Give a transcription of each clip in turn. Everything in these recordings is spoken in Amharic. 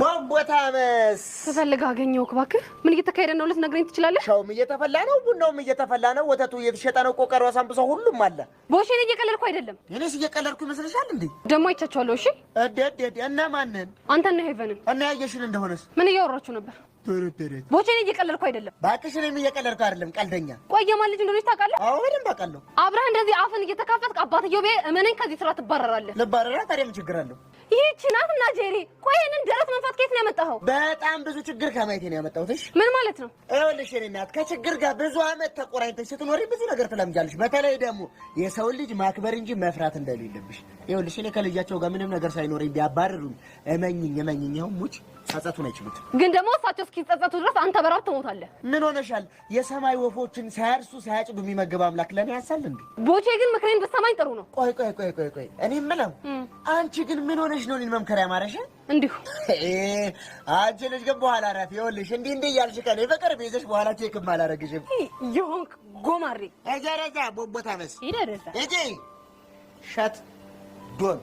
ቦንቦታመስ ተፈልገህ አገኘሁህ። እባክህ ምን እየተካሄደ ነው ልትነግረኝ ትችላለህ? ሻውም እየተፈላ ነው፣ ቡናውም እየተፈላ ነው፣ ወተቱ እየተሸጠ ነው፣ ቆቀሮ፣ ሳምቡሳ ሁሉም አለ። ቦሽ እኔ እየቀለድኩ አይደለም። እኔስ እየቀለድኩ ይመስልሻል እንዴ? ደግሞ አይቻቸዋለሁ። እሺ እደድ እና ማንን? አንተና ሄቨንን እና ያየሽን እንደሆነስ ምን እያወራችሁ ነበር? ብርብርት ቦቼ፣ እየቀለድኩ አይደለም። እባክሽ፣ እኔም እየቀለድኩ አይደለም። ቀልደኛ ቆይ፣ የማን ልጅ እንደሆነች ታውቃለህ? አዎ፣ በደንብ አውቃለሁ። አብረህ እንደዚህ አፍን እየተካፈትክ አባትዬው ቤ እመነኝ፣ ከዚህ ስራ ትባረራለህ። ልባረራ? ታዲያ ምን ችግር አለው? ይህች ናት እና ጄሪ። ቆይ፣ ይህንን ደረት መንፋት ከየት ነው ያመጣኸው? በጣም ብዙ ችግር ከማየት ነው ያመጣሁት። እሺ፣ ምን ማለት ነው? ይኸውልሽ፣ የእኔ እናት ከችግር ጋር ብዙ አመት ተቆራኝተሽ ስትኖሪ ብዙ ነገር ትለምጃለሽ። በተለይ ደግሞ የሰውን ልጅ ማክበር እንጂ መፍራት እንደሌለብሽ። ይኸውልሽ፣ እኔ ከልጃቸው ጋር ምንም ነገር ሳይኖረኝ ቢያባርሩኝ፣ እመኝኝ፣ እመኝኝ፣ ይኸው ሙች ጸጸቱን አይችሉት። ግን ደግሞ እሳቸው እስኪጸጸቱ ድረስ አንተ በራብ ትሞታለህ። ምን ሆነሻል? የሰማይ ወፎችን ሳያርሱ ሳያጭዱ የሚመገብ አምላክ ለእኔ ያሳል እንዴ? ቦቼ ግን ምክሬን ብትሰማኝ ጥሩ ነው። ቆይ ቆይ ቆይ ቆይ ቆይ እኔ የምለው አንቺ ግን ምን ሆነሽ ነው እኔን መምከሪያ ማረሽ? እንዲሁ አንቺ ልጅ ግን በኋላ አረፍ ይኸውልሽ፣ እንዲህ እንዲህ እያልሽ ከእኔ በቅርብ ቤዘሽ በኋላ ቼክም አላረግሽም። የሆንክ ጎማሬ ዘረዛ ቦቦታ መስ እጂ ሸት ዶን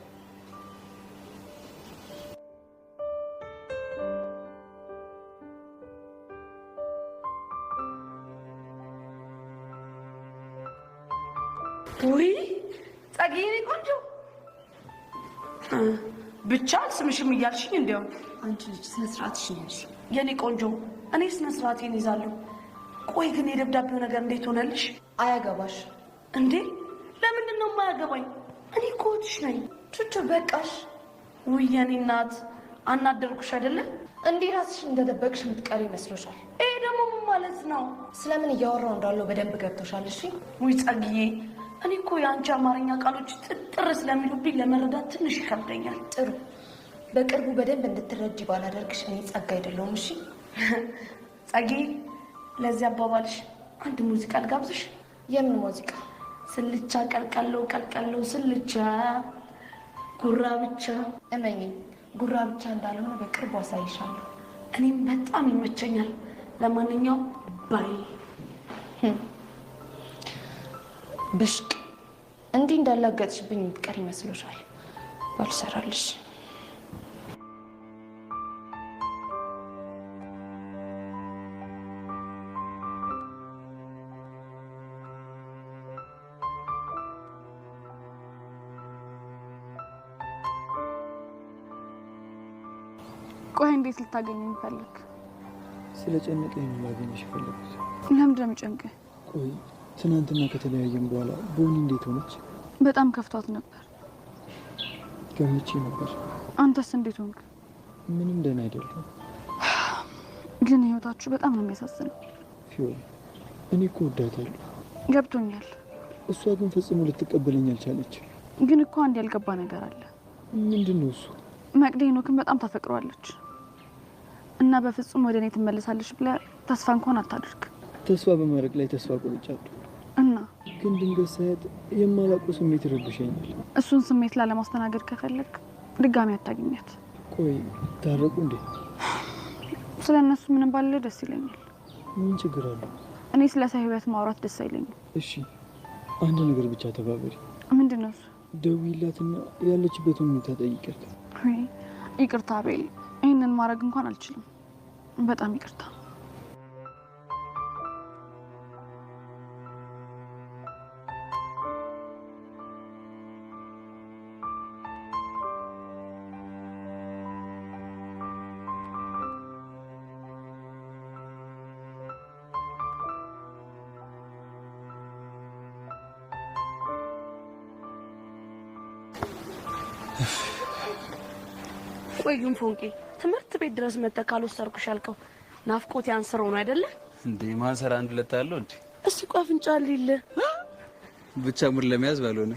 ውይ ጸግዬ ቆንጆ ብቻ ስምሽም እያልሽኝ እንዲያው አንቺ ልጅ ስነ ስርዓትሽ ነሽ የኔ ቆንጆ። እኔ ስነ ስርዓቴን ይዛለሁ። ቆይ ግን የደብዳቤው ነገር እንዴት ሆነልሽ? አያገባሽ እንዴ? ለምንድን ነው የማያገባኝ? እኔ እኮ እህትሽ ነኝ። ቹቹ በቃሽ። ውይ የኔ እናት አናደርኩሽ አይደለ? እንዲህ ራስሽ እንደደበቅሽ የምትቀሪ ይመስሎሻል? ይሄ ደግሞ ምን ማለት ነው? ስለምን እያወራው እንዳለው በደንብ ገብቶሻል። እሺ ውይ ጸግዬ እኔ እኮ የአንቺ አማርኛ ቃሎች ጥጥር ስለሚሉብኝ ለመረዳት ትንሽ ይከብደኛል። ጥሩ፣ በቅርቡ በደንብ እንድትረጅ ባላደርግሽ እኔ ጸጋ አይደለሁም። እሺ ጸጌ፣ ለዚህ አባባልሽ አንድ ሙዚቃ ልጋብዝሽ። የምን ሙዚቃ? ስልቻ ቀልቀለው ቀልቀለው ስልቻ ጉራ ብቻ። እመኝ ጉራ ብቻ እንዳልሆነ በቅርቡ አሳይሻለሁ። እኔም በጣም ይመቸኛል። ለማንኛውም ባይ hm ብሽቅ እንዲህ እንዳላገጥሽብኝ የምትቀር ይመስሎሻል? ባልሰራልሽ ቆይ እንዴት ልታገኝ የሚፈልግ ስለ ጨነቀኝ ነው ላገኘሽ የፈለግኩት። ለምንድን ነው የሚጨንቀኝ? ቆይ ትናንትና ከተለያየም በኋላ ቦኒ እንዴት ሆነች? በጣም ከፍቷት ነበር። ገምቼ ነበር። አንተስ እንዴት ሆንክ? ምንም ደህና አይደለም። ግን ህይወታችሁ በጣም ነው የሚያሳዝነው። ፊዮን፣ እኔ እኮ ወዳታለሁ። ገብቶኛል። እሷ ግን ፈጽሞ ልትቀበለኝ አልቻለች። ግን እኮ አንድ ያልገባ ነገር አለ። ምንድን ነው እሱ? ነው ግን በጣም ታፈቅሯለች እና በፍጹም ወደ እኔ ትመለሳለች ብለህ ተስፋ እንኳን አታድርግ። ተስፋ በማድረግ ላይ ተስፋ ቆርጫለሁ። ግን ድንገት ሳያት የማላውቀው ስሜት ይረብሸኛል። እሱን ስሜት ላለማስተናገድ ከፈለግ ድጋሚ አታገኛት። ቆይ ታረቁ እንዴ? ስለ እነሱ ምንም ባለ ደስ ይለኛል። ምን ችግር አለው? እኔ ስለ ሰው ህይወት ማውራት ደስ አይለኝም። እሺ አንድ ነገር ብቻ ተባበሪ። ምንድን ነው እሱ? ደውዪላትና ያለችበት ሁኔታ ጠይቀት። ይቅርታ ቤል፣ ይህንን ማድረግ እንኳን አልችልም። በጣም ይቅርታ ቆይ ግን ፎንቄ ትምህርት ቤት ድረስ መጥተህ ካልወሰድኩሽ አልከው ናፍቆት ያንስረው ነው አይደለ እንዴ? ማንሰር አንድ ለታለው እንዴ? እሱ ቆይ አፍንጫ ሊል ብቻ ሙድ ለመያዝ ባልሆነ።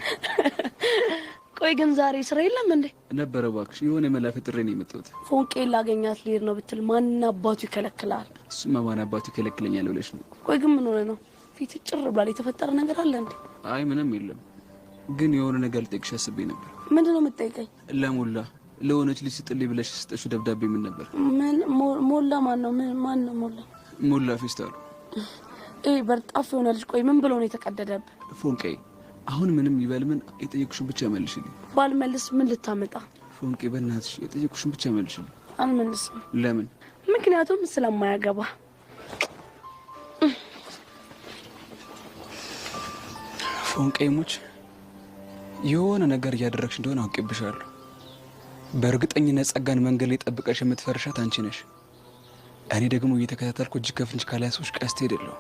ቆይ ግን ዛሬ ስራ የለም እንዴ? ነበረ እባክሽ፣ የሆነ መላፈ ጥሬ ነው የመጣሁት። ፎንቄ ላገኛት ልሄድ ነው ብትል ማን አባቱ ይከለክላል? እሱማ ማን አባቱ ይከለክለኛል ብለሽ ነው። ቆይ ግን ምን ሆነ ነው ፊት ጭር ብሏል? የተፈጠረ ነገር አለ እንዴ? አይ ምንም የለም፣ ግን የሆነ ነገር ልጠይቅሽ አስቤ ነበር ምንድን ነው የምጠይቀኝ? ለሞላ ለሆነች ልጅ ስጥልኝ ብለሽ ስጠሹ ደብዳቤ ምን ነበር? ሞላ ማን ነው? ማን ነው ሞላ? ሞላ ፌስታሉ። ይሄ በርጣፍ የሆነ ልጅ። ቆይ ምን ብሎ ነው የተቀደደብህ? ፎንቄ፣ አሁን ምንም ይበል ምን፣ የጠየቅሽን ብቻ መልሽልኝ። ባልመልስ ምን ልታመጣ? ፎንቄ፣ በእናትሽ የጠየቅሽን ብቻ መልሽልኝ። አልመልስም። ለምን? ምክንያቱም ስለማያገባ ፎንቄሞች የሆነ ነገር እያደረግሽ እንደሆነ አውቄብሻለሁ። በእርግጠኝነት ጸጋን መንገድ ላይ ጠብቀሽ የምትፈርሻት አንቺ ነሽ። እኔ ደግሞ እየተከታተልኩ እጅ ከፍንጅ ካላያሶች ቀስቴ ሄደለሁ።